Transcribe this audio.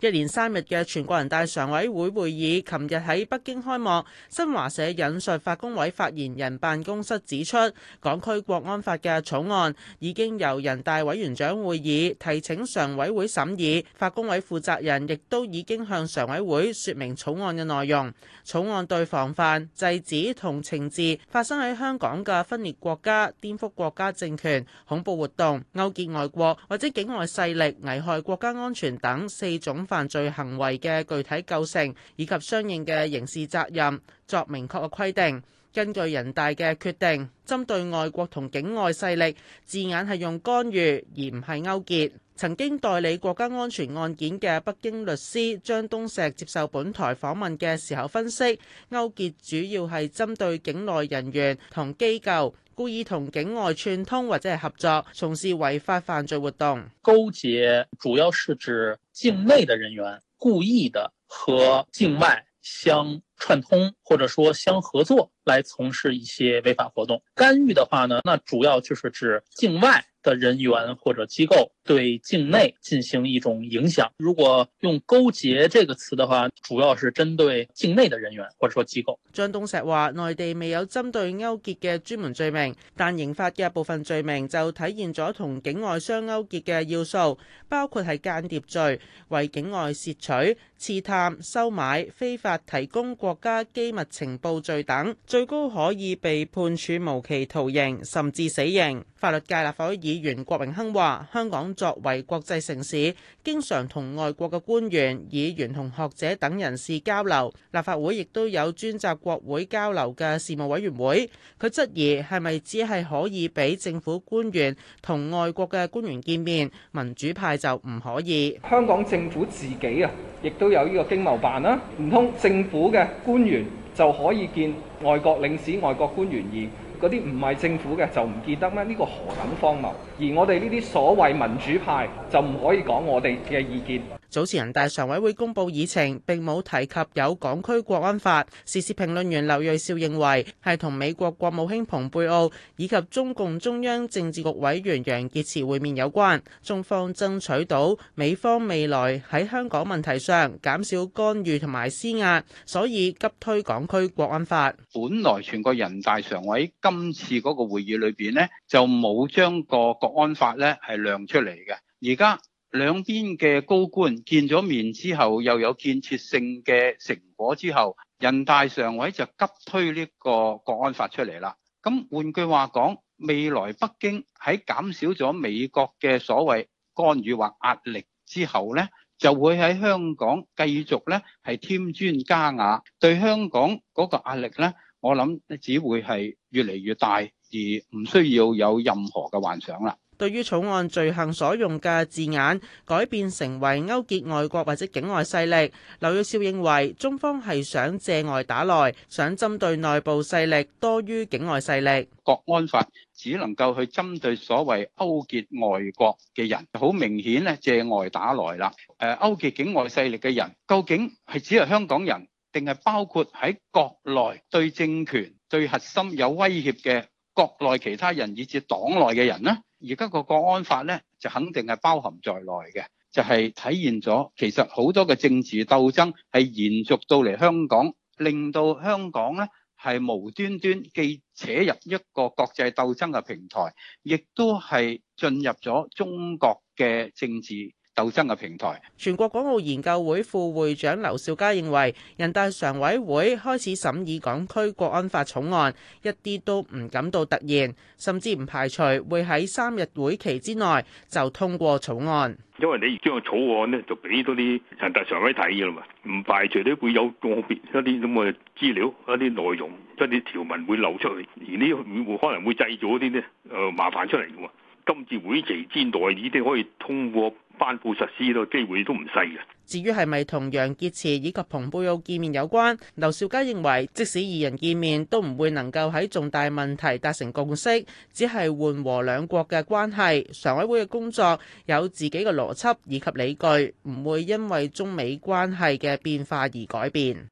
一連三日嘅全國人大常委會會議，琴日喺北京開幕。新華社引述法工委發言人辦公室指出，港區國安法嘅草案已經由人大委員長會議提請常委會審議，法工委負責人亦都已經向常委會說明草案嘅內容。草案對防範制止同懲治發生喺香港嘅分裂國家、顛覆國家政權、恐怖活動、勾結外國或者境外勢力危害國家安全等四種犯罪行為嘅具體構成以及相應嘅刑事責任作明確嘅規定。根據人大嘅決定，針對外國同境外勢力，字眼係用干預而唔係勾結。曾經代理國家安全案件嘅北京律師張東石接受本台訪問嘅時候分析，勾結主要係針對境內人員同機構，故意同境外串通或者係合作，從事違法犯罪活動。勾結主要是指境內的人員故意的和境外相串通或者說相合作來從事一些違法活動，干預的話呢，那主要就是指境外的人員或者機構對境內進行一種影響。如果用勾結這個詞的話，主要是針對境內的人員或者說機構。張東石話，內地未有針對勾結嘅專門罪名，但刑法嘅部分罪名就體現咗同境外相勾結嘅要素，包括係間諜罪、為境外竊取、刺探、收買、非法提供。國家機密情報罪等，最高可以被判處無期徒刑，甚至死刑。法律界立法會議員郭榮鏗話：香港作為國際城市，經常同外國嘅官員、議員同學者等人士交流。立法會亦都有專責國會交流嘅事務委員會。佢質疑係咪只係可以俾政府官員同外國嘅官員見面，民主派就唔可以？香港政府自己啊，亦都有呢個經貿辦啦，唔通政府嘅？官員就可以見外國領事、外國官員，而嗰啲唔係政府嘅就唔見得咩？呢個何等荒謬！而我哋呢啲所謂民主派就唔可以講我哋嘅意見。早前人大常委會公布議程，並冇提及有港區國安法。時事評論員劉銳紹認為，係同美國國務卿蓬佩奧以及中共中央政治局委員楊潔篪會面有關，中方爭取到美方未來喺香港問題上減少干預同埋施壓，所以急推港區國安法。本來全國人大常委今次嗰個會議裏邊咧，就冇將個國安法咧係亮出嚟嘅，而家。兩邊嘅高官見咗面之後，又有建設性嘅成果之後，人大常委就急推呢個國安法出嚟啦。咁換句話講，未來北京喺減少咗美國嘅所謂干預或壓力之後呢，就會喺香港繼續呢係添磚加瓦，對香港嗰個壓力呢，我諗只會係越嚟越大，而唔需要有任何嘅幻想啦。對於草案罪行所用嘅字眼改變成為勾結外國或者境外勢力，劉銳紹認為中方係想借外打內，想針對內部勢力多於境外勢力。國安法只能夠去針對所謂勾結外國嘅人，好明顯咧，借外打內啦。誒勾結境外勢力嘅人，究竟係只係香港人，定係包括喺國內對政權對核心有威脅嘅？國內其他人以至黨內嘅人呢，而家個國安法呢，就肯定係包含在內嘅，就係體現咗其實好多嘅政治鬥爭係延續到嚟香港，令到香港呢係無端端既扯入一個國際鬥爭嘅平台，亦都係進入咗中國嘅政治鬥爭嘅平台。全國港澳研究會副會長劉兆佳認為，人大常委會開始審議港區國安法草案，一啲都唔感到突然，甚至唔排除會喺三日會期之內就通過草案。因為你將個草案咧就俾多啲人大常委睇嘅嘛，唔排除咧會有個別一啲咁嘅資料、一啲內容、一啲條文會漏出來，而呢會可能會製造一啲咧誒麻煩出嚟嘅喎。今次會期之內已經可以通過。頒布實施呢個機會都唔細嘅。至於係咪同楊潔篪以及蓬佩奧見面有關，劉兆佳認為，即使二人見面，都唔會能夠喺重大問題達成共識，只係緩和兩國嘅關係。常委會嘅工作有自己嘅邏輯以及理據，唔會因為中美關係嘅變化而改變。